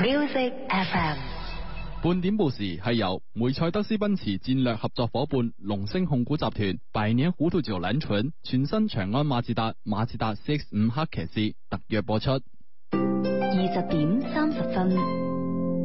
Music FM，半點報時係由梅賽德斯奔馳戰略合作伙伴龍星控股集團、百年虎頭蛇冷串、全新長安馬自達馬自達 CX 五黑騎士特約播出。二十點三十分。